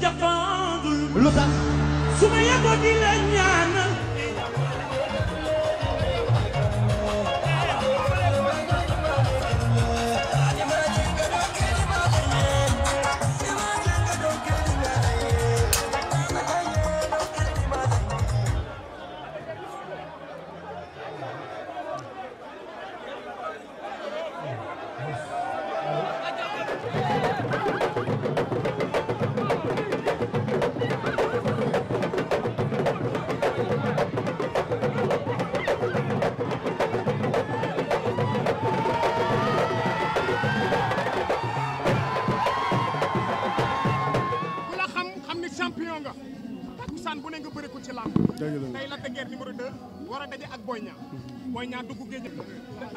jafandul lu tax su ma tey Lac de Guiers numéro war a daje ak Boy Niang Boy Niang dugg géej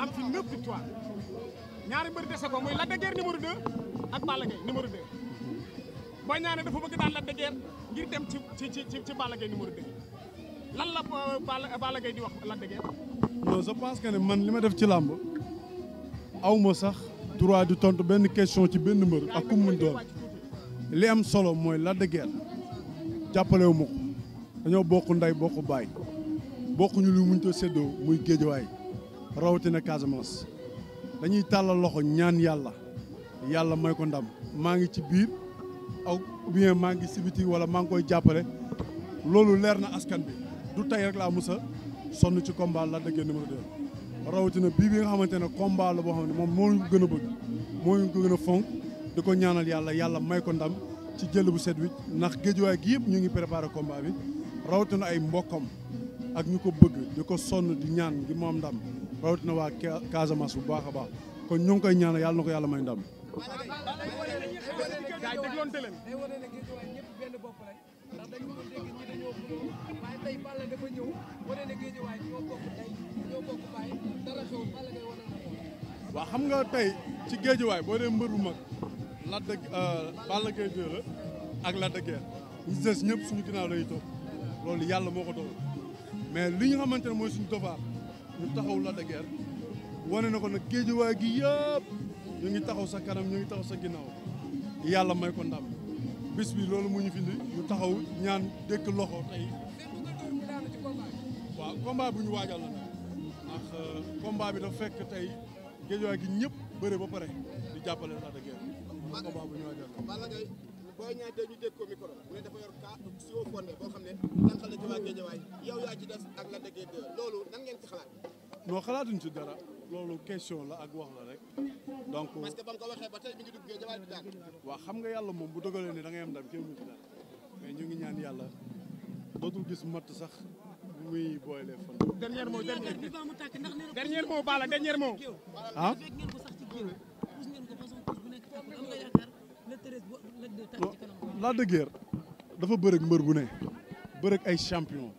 am fi neuf victoire ñaari mbër dese ko muy Lac de Guiers numéro ak Balla Gaye numéro 2 dafa bëgg daan Lac de ngir dem ci ci ci ci Balla Gaye numéro 2 lan la di wax Lac de Guiers non je ne man li ma def ci làmb aw ma sax droit du tontu benn question ci benn mbër ak ku doon li am solo mooy Lac de Guiers dañoo bokk ndey bokk baay bokk ñu lu muñ ko séddoo muy géejawaay rawatina Casamance dañuy tàllal loxo ñaan yàlla yàlla may ko ndam maa ngi ci biir aw bien maa ngi si biti wala maa koy jàppale loolu leer na askan bi du tey rek laa musa sonn ci combat la dëggee numéro 2 rawatina bii bi nga xamante ne combat la boo xam ne moom moo ñu ko gën a moo ñu ko gën di ko ñaanal yàlla yàlla may ko ndam ci jël bu set wi ndax géejuwaay gi yëpp ñu ngi préparé combat bi rawatina ay mbokkam ak ñu ko bëgg di ko sonn di ñaan gi moom ndam rawatina waa Casamance bu baax a baax kon ñu ngi koy ñaan yàlla na ko yàlla may ndam. waaw xam nga tey ci géejuwaay boo dee mbër bu mag Lac de euh, Balla Gaye 2 la ak Lac de ñëpp suñu ginnaaw lay topp loolu yàlla moo ko dogal mais li ñu xamante ne mooy suñu devoir ñu taxaw Lac de wane na ko nag géejuwaay gi yëpp ñu ngi taxaw sa kanam ñu ngi taxaw sa ginnaaw yàlla may ko ndam bis bi loolu mu ñu findi ñu taxaw ñaan dëkk loxo tey waaw combat bu ñu waajal la ndax euh, bi dafa fekk tey géejuwaay gi ñëpp bëre ba pare di jàppale Lac de Guiers bu ñu waajal la Boy Niang tey ñu dégg ko micro mu ne ne na ci waa Guédiawaye yow yaa ci des ak la déggee de loolu nan ngeen ci xalaat non xalaatuñ ci dara loolu question la ak wax la rek donc parce que ba mu ko waxee ba tey mi ngi dugg Guédiawaye bi daan waaw xam nga yàlla moom bu dogalee ni da ngay am ndam kenn mu ci dara ñu ngi ñaan yàlla dootul gis matt sax muy boole fan dernier mot dernier mot bala dernier mot ah Lac de Guiers dafa bërëg mbër bu ne bërëg ay champion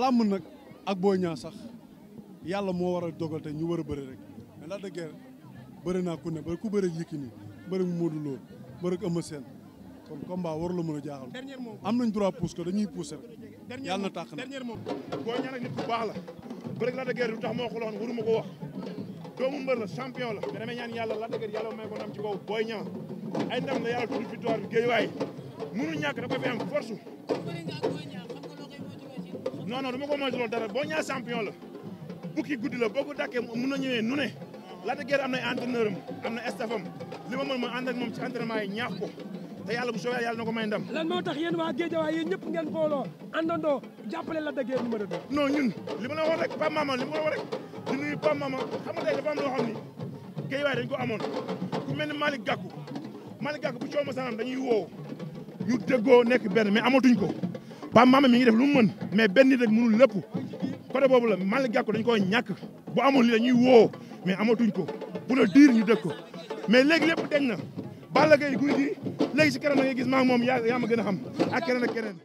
làmb nag ak Boy Niang sax yàlla moo war a dogal te ñu war a bëri rek mais Lac de Guiers ku ne bëri ku bëri Yékini bëri Modou Lo bëri Eumeu Sène kon combat warula mën a jaaxal am nañ droit pousse ko dañuy pousse rek yàlla na tàq na Boy Niang nit ku baax la bëri Lac de tax moo ko loon waruma ko wax doomu mbër la champion la mais damay ñaan yàlla Lac de Guiers yàlla may ko ndam ci kaw Boy ay ndam la yàlla tudd victoire bi géej waaye mënu ñàkk dafa fi am force. non non dara boo ñaar champion la bukki guddi la boo ko dàkkee mën na ñëwee nu ne laata guerre am na entraîneur am am na staff li ma mën ma ànd ak moom ci entraînement yi ñaax ko te yàlla bu soobee yàlla na ko may ndam. lan moo tax yéen waa Géejawaay yéen ñëpp ngeen booloo àndandoo jàppale Lac de Guiers numéro 2. non ñun li ma la wax rek Pape Maman li ma la am loo xam ni Géejawaay ni Malick Gakou Malick Gakou bu coow ma sanam dañuy woo ñu déggoo nekk benn mais amatuñ ko Pape Mama mi ngi def lu mu mën mais benn nit rek mënul lépp côté boobu la Malick Gakou dañ koo ñàkk bu amoon li dañuy woo mais amatuñ ko bu la diir ñu dégg ko mais léegi lépp deñ na Balla Gaye guy gi léegi si kanam da gis maa moom yaa gën a xam ak keneen ak keneen